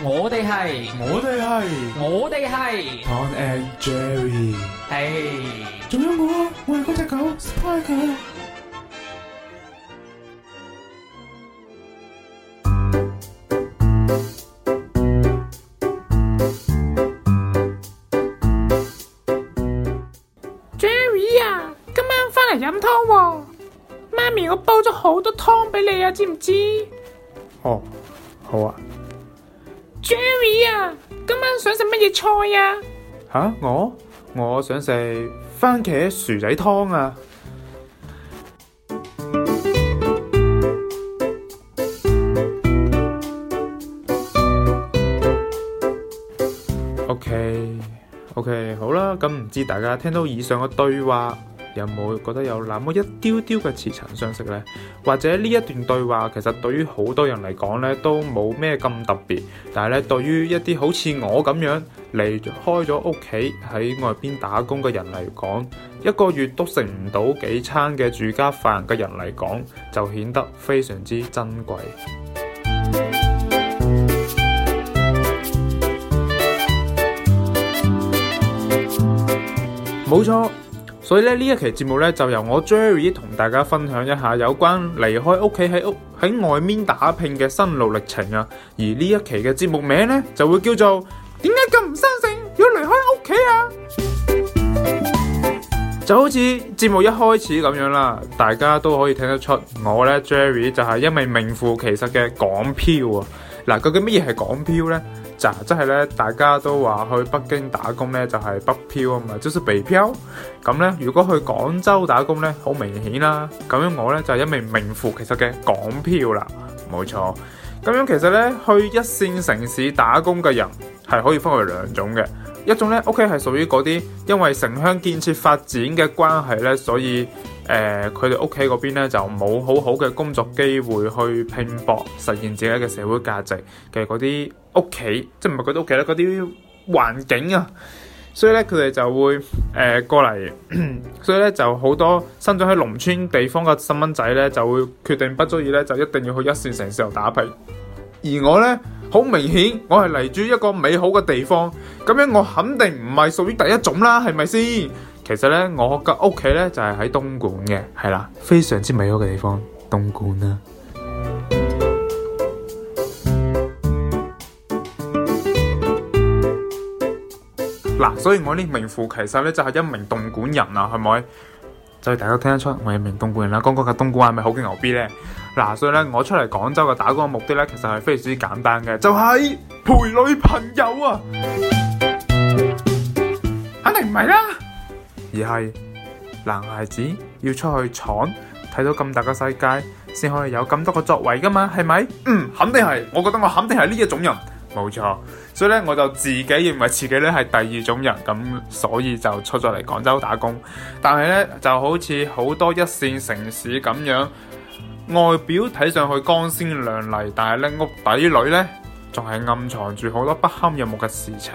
我哋係，我哋係，我哋係。Tom and Jerry，係、哎。仲有我，我係嗰隻狗，Spider。Sp Jerry 啊，今晚翻嚟飲湯喎，哦，媽咪，我煲咗好多湯俾你啊，知唔知？哦，oh, 好啊。Jerry 啊，今晚想食乜嘢菜啊？吓、啊？我我想食番茄薯仔湯啊。OK，OK，、okay, okay, 好啦，咁唔知大家聽到以上嘅對話。有冇覺得有那麼一丟丟嘅似曾相識呢？或者呢一段對話其實對於好多人嚟講咧都冇咩咁特別，但係咧對於一啲好似我咁樣離開咗屋企喺外邊打工嘅人嚟講，一個月都食唔到幾餐嘅住家飯嘅人嚟講，就顯得非常之珍貴。冇 錯。所以咧呢一期節目咧就由我 Jerry 同大家分享一下有關離開屋企喺屋喺外面打拼嘅心路歷程啊，而呢一期嘅節目名咧就會叫做點解咁唔生性要離開屋企啊？ 就好似節目一開始咁樣啦，大家都可以聽得出我咧 Jerry 就係一名名副其實嘅港漂啊。嗱、啊、究竟乜嘢係港漂呢？就即係咧，大家都話去北京打工咧就係北漂啊嘛，即係北漂。咁咧，如果去廣州打工咧，好明顯啦。咁樣我咧就係一名名副其實嘅廣漂啦，冇錯。咁樣其實咧，去一線城市打工嘅人係可以分為兩種嘅，一種咧屋企係屬於嗰啲因為城鄉建設發展嘅關係咧，所以。誒佢哋屋企嗰邊咧就冇好好嘅工作機會去拼搏，實現自己嘅社會價值嘅嗰啲屋企，即係唔係佢啲屋企咧，嗰啲環境啊，所以咧佢哋就會誒、呃、過嚟，所以咧就好多生長喺農村地方嘅細蚊仔咧就會決定不足以咧就一定要去一線城市度打拼。而我咧好明顯，我係嚟自一個美好嘅地方，咁樣我肯定唔係屬於第一種啦，係咪先？其實咧，我嘅屋企咧就係喺東莞嘅，係啦，非常之美好嘅地方，東莞、啊、 啦。嗱，所以我呢名副其實咧就係一名東莞人啦，係咪？就係大家聽得出我係一名東莞人啦。剛剛嘅東莞話係咪好嘅牛逼咧？嗱，所以咧我出嚟廣州嘅打工嘅目的咧，其實係非常之簡單嘅，就係、是、陪女朋友啊， 肯定唔係啦。而係男孩子要出去闖，睇到咁大嘅世界，先可以有咁多個作為噶嘛？係咪？嗯，肯定係。我覺得我肯定係呢一種人，冇錯。所以咧，我就自己認為自己咧係第二種人，咁所以就出咗嚟廣州打工。但係咧，就好似好多一線城市咁樣，外表睇上去光鮮亮麗，但係咧屋底裏呢，仲係暗藏住好多不堪入目嘅事情。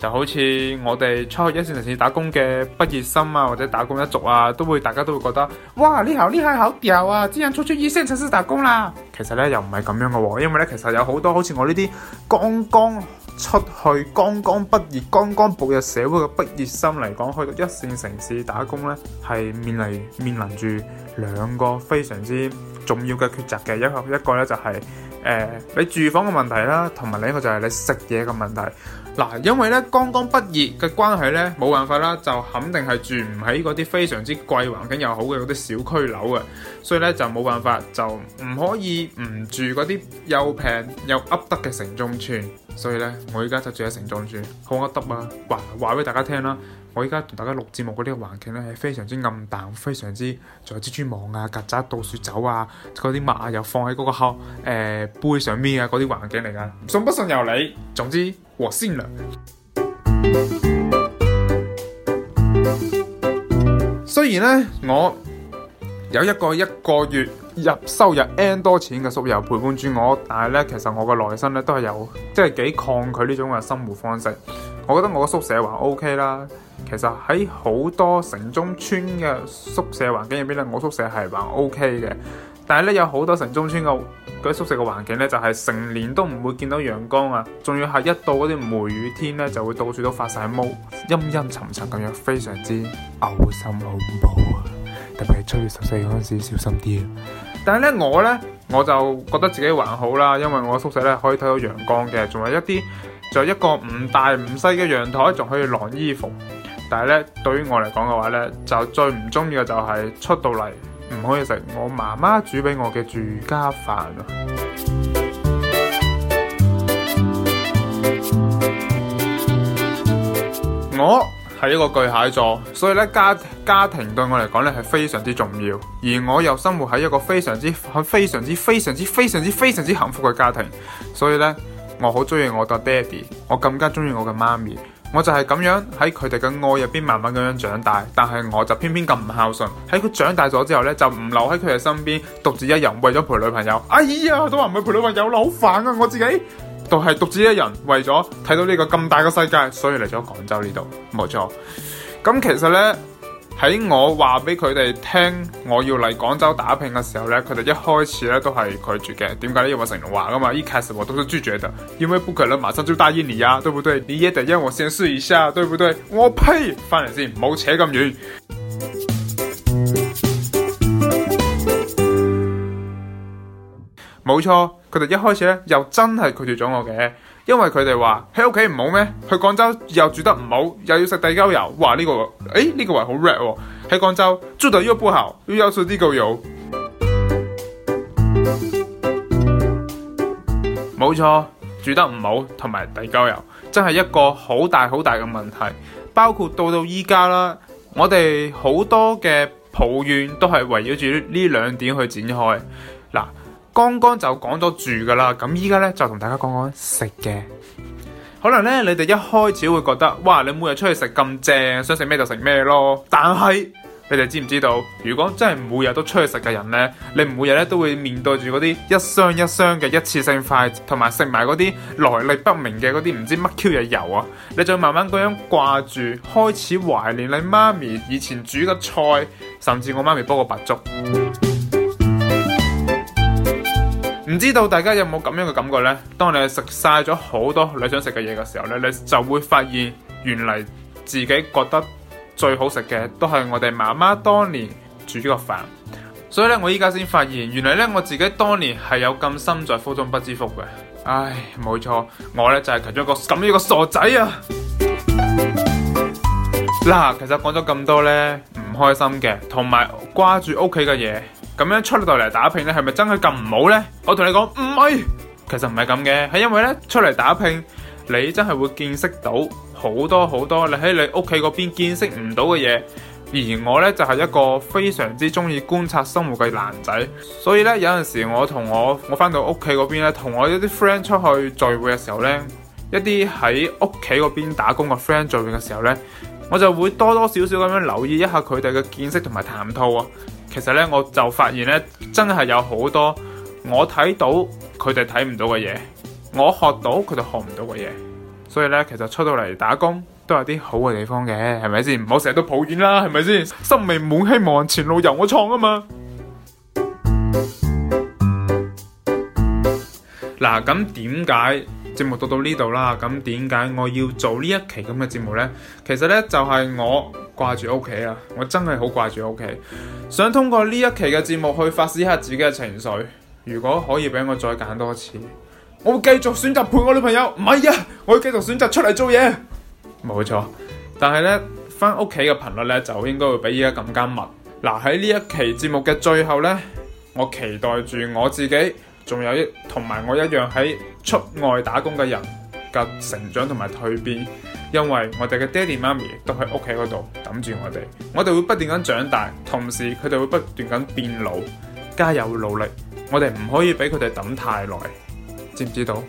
就好似我哋出去一線城市打工嘅畢業生啊，或者打工一族啊，都會大家都會覺得，哇你好厲害好屌啊，啲人出出一線城市打工啦。其實咧又唔係咁樣嘅，因為咧其實有好多好似我呢啲剛剛出去，剛剛畢業，剛剛步入社會嘅畢業生嚟講，去到一線城市打工咧，係面臨面臨住兩個非常之。重要嘅抉擇嘅，一個一個咧就係、是、誒、呃、你住房嘅問題啦，同埋另一個就係你食嘢嘅問題。嗱，因為咧剛剛畢業嘅關係咧，冇辦法啦，就肯定係住唔起嗰啲非常之貴、環境又好嘅嗰啲小區樓啊，所以咧就冇辦法，就唔可以唔住嗰啲又平又噏得嘅城中村。所以咧，我而家就住喺城中村，好噏得啊！話話俾大家聽啦。我依家同大家錄節目嗰啲環境咧，係非常之暗淡，非常之仲有蜘蛛網啊、曱甴到處走啊、嗰啲物啊，又放喺嗰個黑誒、呃、杯上面啊，嗰啲環境嚟噶，信不信由你。總之，和善良。雖然咧我有一個一個月入收入 N 多錢嘅宿友陪伴住我，但係咧其實我嘅內心咧都係有即係幾抗拒呢種嘅生活方式。我覺得我個宿舍還 OK 啦，其實喺好多城中村嘅宿舍環境入邊咧，我宿舍係還 OK 嘅。但係咧有好多城中村嘅啲宿舍嘅環境咧，就係成年都唔會見到陽光啊，仲要係一到嗰啲梅雨天咧，就會到處都發晒毛，陰陰沉沉咁樣，非常之嘔心恐怖啊！特別係七月十四嗰陣時，小心啲。但係咧我咧。我就覺得自己還好啦，因為我宿舍咧可以睇到陽光嘅，仲有一啲仲有一個唔大唔細嘅陽台，仲可以晾衣服。但係咧，對於我嚟講嘅話咧，就最唔中意嘅就係出到嚟唔可以食我媽媽煮俾我嘅住家飯啊！我係一個巨蟹座，所以咧家家庭對我嚟講咧係非常之重要，而我又生活喺一個非常之、非常之、非常之、非常之、非常之幸福嘅家庭，所以咧我好中意我嘅爹哋，我更加中意我嘅媽咪，我就係咁樣喺佢哋嘅愛入邊慢慢咁樣長大，但係我就偏偏咁唔孝順，喺佢長大咗之後咧就唔留喺佢哋身邊，獨自一人為咗陪女朋友，哎呀都話唔係陪女朋友啦，好煩啊我自己。都係獨自一人為咗睇到呢個咁大嘅世界，所以嚟咗廣州呢度，冇錯。咁其實呢，喺我話俾佢哋聽我要嚟廣州打拼嘅時候呢，佢哋一開始呢都係拒絕嘅。點解呢？因為成龍話噶嘛，一開始我都係拒絕嘅，因為不可能馬上就答應你呀、啊，對不對？你也得讓我先試一下，對不對？我呸！返嚟先，唔好扯咁遠，冇錯。 佢哋一開始咧又真係拒絕咗我嘅，因為佢哋話喺屋企唔好咩？去廣州又住得唔好，又要食地溝油，話呢個，誒呢個位好 red 喎，喺廣州住到又不好，又要食地溝油。冇錯，住得唔好同埋地溝油，真係一個好大好大嘅問題。包括到到依家啦，我哋好多嘅抱怨都係圍繞住呢兩點去展開嗱。剛剛就講咗住噶啦，咁依家呢，就同大家講講食嘅。 可能呢，你哋一開始會覺得，哇！你每日出去食咁正，想食咩就食咩咯。但係你哋知唔知道，如果真係每日都出去食嘅人呢，你每日咧都會面對住嗰啲一箱一箱嘅一次性筷子，同埋食埋嗰啲來歷不明嘅嗰啲唔知乜 Q 嘢油啊！你就慢慢咁樣掛住，開始懷念你媽咪以前煮嘅菜，甚至我媽咪煲過白粥。唔知道大家有冇咁樣嘅感覺呢？當你食晒咗好多你想食嘅嘢嘅時候咧，你就會發現，原來自己覺得最好食嘅都係我哋媽媽當年煮咗個飯。所以咧，我依家先發現，原來呢，我自己當年係有咁身在福中不知福嘅。唉，冇錯，我呢就係其中一個咁樣一個傻仔啊！嗱， 其實講咗咁多呢，唔開心嘅，同埋掛住屋企嘅嘢。咁樣出到嚟打拼咧，係咪真係咁唔好呢？我同你講唔係，其實唔係咁嘅，係因為咧，出嚟打拼，你真係會見識到好多好多你喺你屋企嗰邊見識唔到嘅嘢。而我呢，就係一個非常之中意觀察生活嘅男仔，所以呢，有陣時我同我我翻到屋企嗰邊咧，同我一啲 friend 出去聚會嘅時候呢，一啲喺屋企嗰邊打工嘅 friend 聚會嘅時候呢，我就會多多少少咁樣留意一下佢哋嘅見識同埋談吐啊。其實咧，我就發現咧，真係有好多我睇到佢哋睇唔到嘅嘢，我學到佢哋學唔到嘅嘢。所以咧，其實出到嚟打工都有啲好嘅地方嘅，係咪先？唔好成日都抱怨啦，係咪先？心未滿，希望前路由我創啊嘛。嗱，咁點解節目到到呢度啦？咁點解我要做呢一期咁嘅節目呢？其實呢，就係我。掛住屋企啊！我真係好掛住屋企，想通過呢一期嘅節目去發洩下自己嘅情緒。如果可以俾我再揀多次，我會繼續選擇陪我女朋友。唔係啊，我會繼續選擇出嚟做嘢。冇錯，但係呢翻屋企嘅頻率呢，就應該會比依家更加密。嗱，喺呢一期節目嘅最後呢，我期待住我自己，仲有同埋我一樣喺出外打工嘅人嘅成長同埋蛻變。因為我哋嘅爹哋媽咪都喺屋企嗰度等住我哋，我哋會不斷咁長大，同時佢哋會不斷咁變老，加油努力，我哋唔可以俾佢哋等太耐，知唔知道？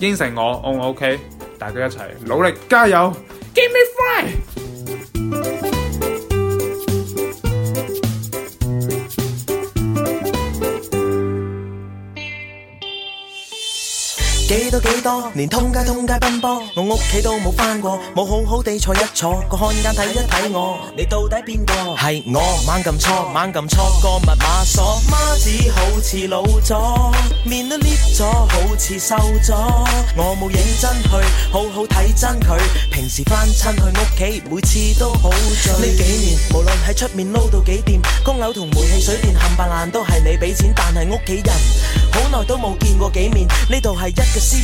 應承我，O 唔 OK？大家一齊努力加油，Give me five！ 咗幾多？連通街通街奔波，我屋企都冇翻過，冇好好地坐一坐，個看家睇一睇我，你到底邊個？係我猛咁撳錯，猛咁撳錯個密碼鎖，媽子好似老咗，面都裂咗，好似瘦咗。我冇認真去好好睇真佢，平時翻親去屋企，每次都好醉。呢幾年無論喺出面撈到幾掂，供樓同煤氣水電冚唪唥都係你俾錢，但係屋企人好耐都冇見過幾面。呢度係一個私。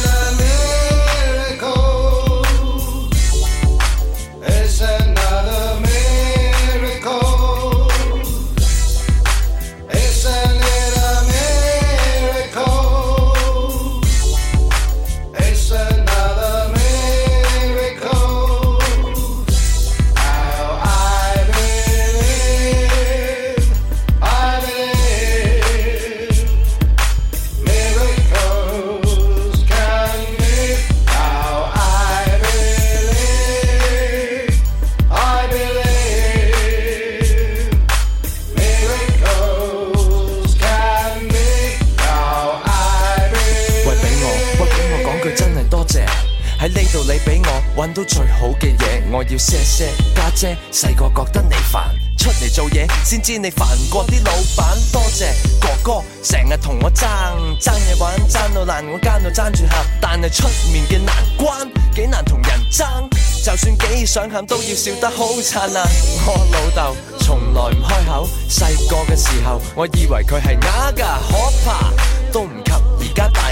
嘢，我要錫錫家姐。細個覺得你煩，出嚟做嘢先知你煩過啲老闆。多謝哥哥，成日同我爭，爭嘢玩，爭到爛，我間度爭住客。但係出面嘅難關幾難同人爭，就算幾想喊都要笑得好燦爛。我老豆從來唔開口，細個嘅時候我以為佢係啞噶，可怕都唔及而家大。